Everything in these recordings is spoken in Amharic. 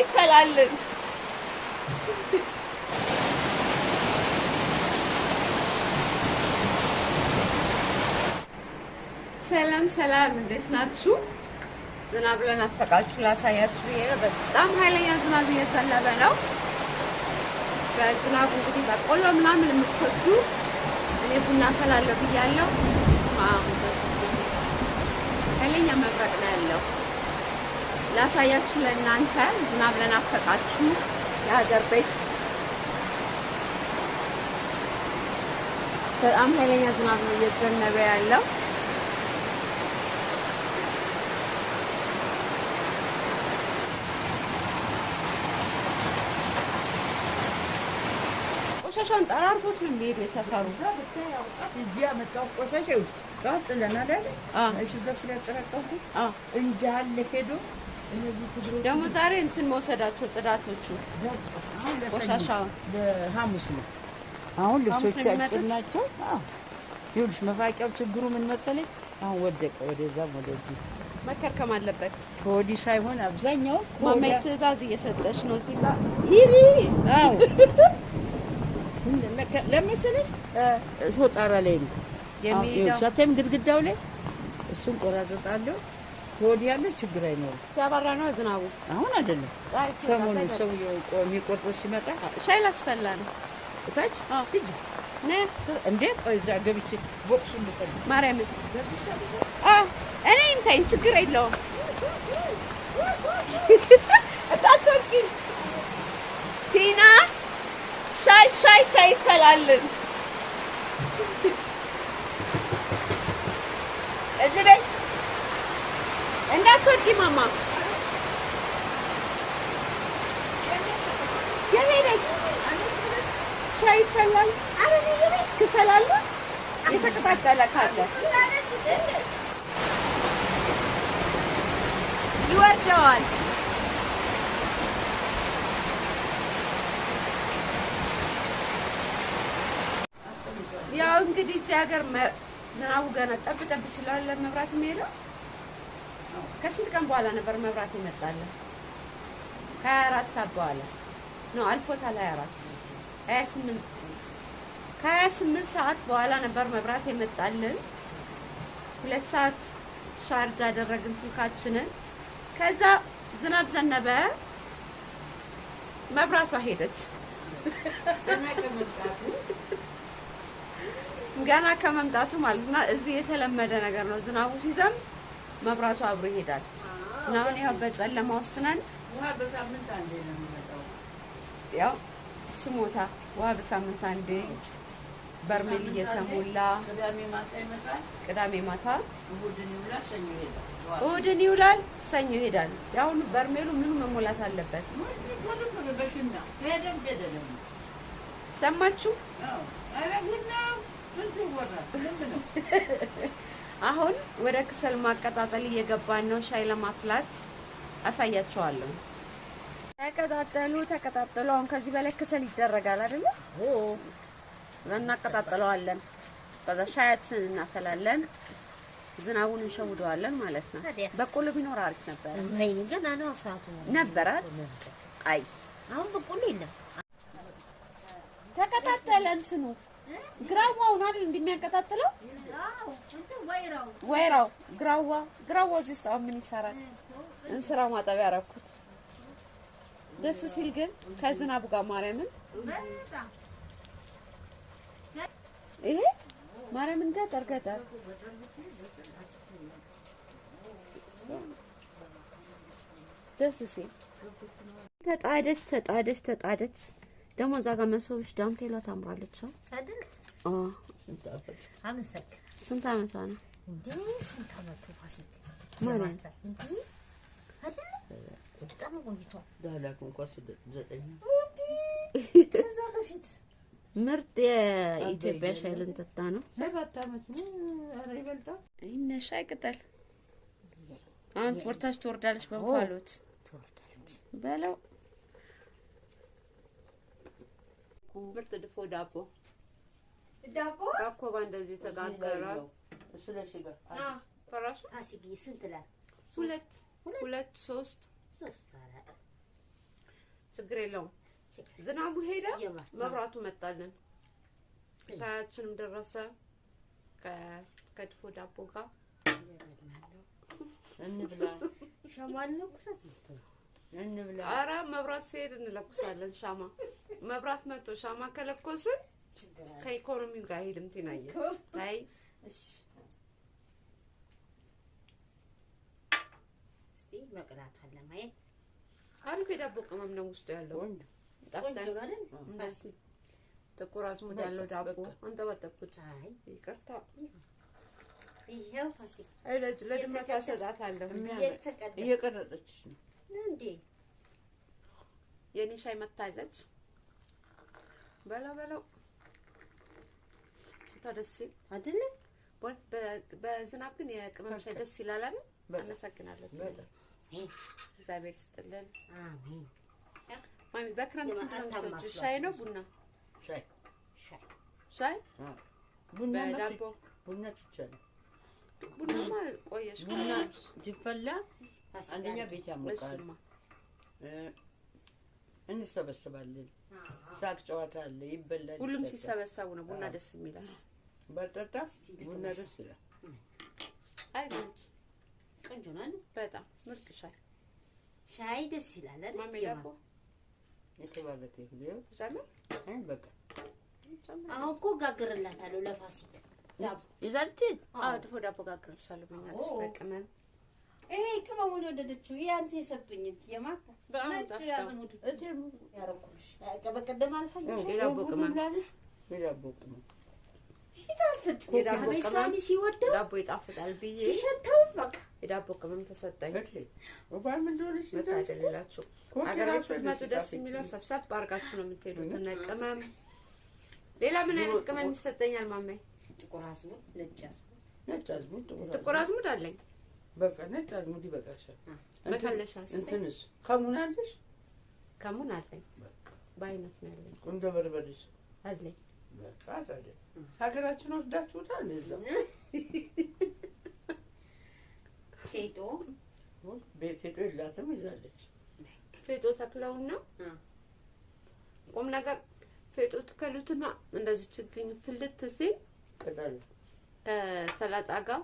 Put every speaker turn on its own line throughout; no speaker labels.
ይፈላልን። ሰላም ሰላም፣ እንዴት ናችሁ? ዝናብ ለናፈቃችሁ ላሳያችሁ። በጣም ኃይለኛ ዝናብ እየዘነበ ነው። በዝናቡ እንግዲህ በቆሎ ምናምን የምትወዱ እኔ ቡና ፈላለሁ ብያለሁ። ስማ ኃይለኛ መብረቅ ነው ያለው። ላሳያችሁ ለእናንተ ዝናብ ለናፈቃችሁ የሀገር ቤት በጣም ኃይለኛ ዝናብ ነው እየዘነበ ያለው። ቆሻሻውን ጠራርጎት ነው የሚሄድ ነው የሰፈሩ
እዚህ ያመጣው ቆሻሻ ጠዋት ጥለናል አይደል? እሺ እዛ ስላጠራቀምኩት እንዳለ ሄዶ
ደግሞ ዛሬ እንትን መውሰዳቸው ጽዳቶቹ ቆሻሻውን
ለሐሙስ ነው።
አሁን ልብሶች አጭር ናቸው። ይኸውልሽ መፋቂያው ችግሩ ምን መሰለሽ፣
አሁን ወደቀ ወደዛም ወደዚህ
መከርከም አለበት።
ከወዲህ ሳይሆን አብዛኛው
ማማይ ትዕዛዝ እየሰጠች ነው። እዚህ ጋር ይሪ አዎ፣
ለመሰለሽ ሶጣራ ላይ ነው የሚሄደው፣ ግድግዳው ላይ እሱን ቆራረጣለሁ ከወዲህ ያለ ችግር አይኖርም።
ያባራ ነው ዝናቡ።
አሁን አይደለም ሰሞኑ ሰው የሚቆርጦ ሲመጣ
ሻይ ላስፈላ ነው
እታች ልጅ እንዴት እዛ ገብቼ ቦክሱ ልጠል
ማርያም እኔ ይምታኝ ችግር የለውም። እታትወርኪ ቲና ሻይ ሻይ ሻይ ይፈላልን pergi ማማ የቤነች ሻይ ይፈላል።
አረ የቤት
ክሰል አለ፣ የተቀጣጠለ ካለ ይወርደዋል። ያው እንግዲህ እዚህ ሀገር ዝናቡ ገና ጠብ ጠብ ስላለ መብራት የሚሄደው ከስንት ቀን በኋላ ነበር መብራት ይመጣለን? ከሀያ አራት ሰዓት በኋላ ነው አልፎታል። ሀያ አራት ሀያ ስምንት ከሀያ ስምንት ሰዓት በኋላ ነበር መብራት የመጣልን። ሁለት ሰዓት ቻርጅ አደረግን ስልካችንን። ከዛ ዝናብ ዘነበ፣ መብራቷ ሄደች። ገና ከመምጣቱ ማለት ነው። እዚህ የተለመደ ነገር ነው ዝናቡ ሲዘንብ መብራቱ አብሮ ይሄዳል። እና አሁን ያው በጨለማ ውስጥ ነን። ያው ስሞታ ውሃ በሳምንት አንዴ በርሜል እየተሞላ ቅዳሜ ማታ እሁድን ይውላል፣ ሰኞ ይሄዳል። ያሁኑ በርሜሉ ምኑ መሞላት አለበት። ሰማችሁ? ወደ ክሰል ማቀጣጠል እየገባን ነው። ሻይ ለማፍላት አሳያቸዋለሁ። ተቀጣጠሉ ተቀጣጠሉ። አሁን ከዚህ በላይ ክሰል ይደረጋል አይደለ? እናቀጣጥለዋለን። ከዛ ሻያችን እናፈላለን። ዝናቡን እንሸውደዋለን ማለት ነው። በቆሎ ቢኖር አሪፍ ነበር።
ወይኔ ገና ነው ሰዓቱ
ነበር። አይ
አሁን በቆሎ የለም።
ተቀጣጠለ እንትኑ አሁን አይደል እንደሚያቀጣጥለው ወይራው ግራዋ ግራዋ እዚህ ውስጥ አሁን ምን ይሰራል? እንስራ ማጠቢያ አደረኩት። ደስ ሲል ግን ከዝናቡ ጋር ማርያምን ይሄ ማርያምን ገጠር ገጠር ደስ ሲል ተጣደች ተጣደች ተጣደች። ደግሞ እዛ ጋር መሶብሽ ዳንቴላ ታምራለች።
አይደል? አዎ
ስንት አመቷ ነው? ምርጥ የኢትዮጵያ ሻይ ልንጠጣ ነው። ሰባት ሻይ ቅጠል አሁን ትወርታች ትወርዳለች፣ በእንፋሎት በለው
ምርጥ ድፎ ዳቦ ዳቦ ኮባ እንደዚህ ተጋገረ።
ፈራሽ
ፋሲካ ስንት ላል?
ሁለት ሁለት ሶስት
ሶስት አራት።
ችግር የለውም። ዝናቡ ሄደ፣ መብራቱ መጣልን። ሻያችንም ደረሰ ከድፎ ዳቦ ጋር
እንብላ።
ሻማ እንለኩሳት
እንብላ። ኧረ መብራት ሲሄድ እንለኩሳለን ሻማ። መብራት መጥቶ ሻማ ከለኮስን ከኢኮኖሚው ጋር ሄድም ጤናየ ታይ እስቲ
መቅላቷን ለማየት
አሪፍ የዳቦ ቅመም ነው ውስጡ ያለው።
ጥቁር አዝሙድ ያለው ዳቦ አንጠባጠብኩት። ይቅርታ ይሄው ፋሲል
አይለች ለድመት አሰጣታለሁ።
እየቀረጠች
ነው እንዴ?
የኔ ሻይ መታለች። በለው በለው ደስ ይል አይደል? በዝናብ ግን የቅመም ሻይ ደስ ይላል አይደል? አመሰግናለሁ። እግዚአብሔር ይስጥልን። አሜን። ማሚ በክረምት ምንድነው ሻይ ነው ቡና?
ሻይ
ሻይ
ሻይ ቡና በዳቦ
ቡና ትቻለህ።
ቡናማ ቆየሽ። ቡና ሲፈላ
አንደኛ ቤት ያሞቃል፣ እንሰበስባለን፣ ሳቅ ጨዋታ አለ፣ ይበላል።
ሁሉም ሲሰበሰቡ ነው ቡና ደስ የሚለው።
በጠጣ ቡና ደስ ይላል።
አይዞች ቆንጆ ነው። በጣም ምርጥ ሻይ
ሻይ ደስ ይላል አይደል? ማሜዳኮ
የተባለተ ይሁን ጨምር። አይ በቃ
አሁን እኮ ጋግርላታለሁ ለፋሲካ
ዳቦ ይዛል ትል። አዎ ድፎ ዳቦ ጋግርልሻለሁ ብኛለሽ በቅመም
ይሄ ቅመሙን የወደደችው ያንተ የሰጡኝ የማታ በአሙድ ያረኩልሽ በቀደም አልፋኝ
የዳቦ ቅመም የዳቦ ቅመም
ሲጣፍጥ የዳቦ ሳሚ ሲወደው
ዳቦ ይጣፍጣል ብዬ
ሲሸተው በቃ
የዳቦ ቅመም ተሰጠኝ።
ታደልላችሁ
አገር ቤት ደስ የሚለው ሰብሰብ ባርጋችሁ ነው የምትሄዱት። እነ ቅመም ሌላ ምን አይነት ቅመም ይሰጠኛል? ማማይ
ጥቁር አዝሙድ፣ ነጭ አዝሙድ፣
ነጭ አዝሙድ፣
ጥቁር አዝሙድ አለኝ።
በቃ ነጭ አዝሙድ ይበቃሻል። መከለሻስ እንትንስ ከሙን አለሽ?
ከሙን አለኝ። በአይነት ነው ያለኝ።
እንደ በርበሬስ አለኝ ሀገራችን ወስዳችሁ ዳንለው
ፌጦ
ፌጦ የላትም ይዛለች።
ፌጦ ተክለውን ነው ቁም ነገር ፌጦ ትከሉትና እንደዚህ ችግኝ ፍልት ሲል ቅጠሉ ሰላጣ ጋር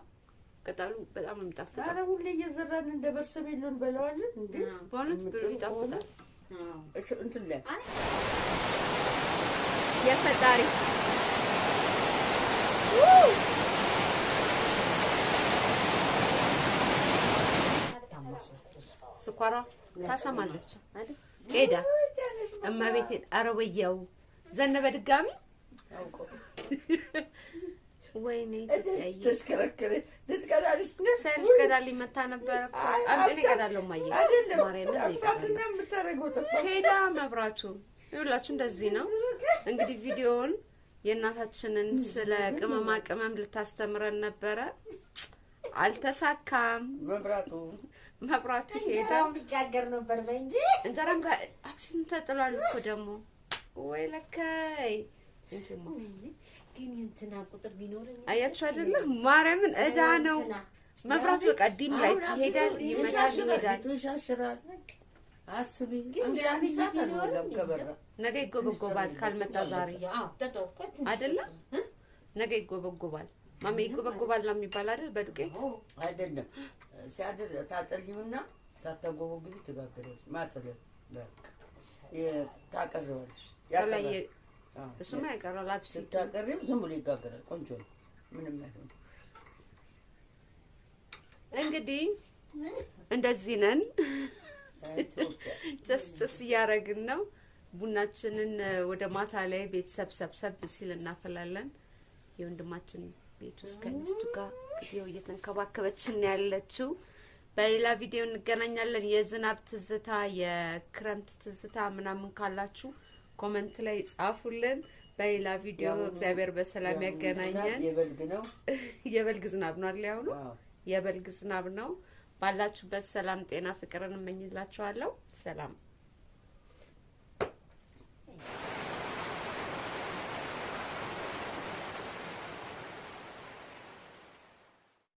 ቅጠሉ በጣም የሚጣፍጥ።
ኧረ ሁሌ እየዘራን እንደ በርሰቤሎን በለዋለን እንዴ!
በእውነት ብሎ ይጣፍጣል። እንትን ላይ የፈጣሪ ስኳሯ ታሰማለች ሄዳ እማቤቴን አረበያው ዘነበ ድጋሚ ወይኔ
ተሽከረከረ ልትቀዳልሽ
ልትቀዳልኝ መታ ነበረ። እኔ እቀዳለሁ ማየ
አይደለም የምታደርገው
ሄዳ መብራቱ ይኸውላችሁ እንደዚህ ነው እንግዲህ ቪዲዮውን የእናታችንን ስለ ቅመማ ቅመም ልታስተምረን ነበረ። አልተሳካም። መብራቱ መብራቱ ሄዳ
ሊጋገር ነበር እንጂ
እንጀራም ጋር አብሲን ተጥሏል እኮ ደግሞ ወይ ለካይ
ግን እንትና ቁጥር ቢኖረኝ
አያችሁ አይደለ? ማርያምን እዳ ነው። መብራት በቃ ዲም ላይ ይሄዳል፣ ይመጣል፣ ይሄዳል፣
ይሻሽራል። አስቢ
ነገ ይጎበጎባል። ካልመጣ ዛሬ አይደለ? ነገ ይጎበጎባል። ማሜ ይጎበጎባል ነው የሚባል አይደል? በዱቄት
አይደለም ሲያድር ታጠልዩና ሳታጎበጉቢ ትጋግሪያለሽ። ማጥለል ታቀርቢዋለሽ
ያቀርባል እሱማ አይቀራል። አብሲት
ስታቀሪም ዝም ብሎ ይጋገራል። ቆንጆ ነው። ምንም አይሆን።
እንግዲህ እንደዚህ ነን። ጭስ ጭስ እያደረግን ነው። ቡናችንን ወደ ማታ ላይ ቤተሰብ ሰብሰብ ሲል እናፈላለን። የወንድማችን ቤት ውስጥ ከሚስቱ ጋር ቪዲዮ እየተንከባከበችን ያለችው። በሌላ ቪዲዮ እንገናኛለን። የዝናብ ትዝታ፣ የክረምት ትዝታ ምናምን ካላችሁ ኮመንት ላይ ጻፉልን። በሌላ ቪዲዮ እግዚአብሔር በሰላም ያገናኘን። የበልግ ነው የበልግ ዝናብ ነው አለ ያሁኑ የበልግ ዝናብ ነው። ባላችሁበት ሰላም፣ ጤና፣ ፍቅርን እመኝላችኋለሁ። ሰላም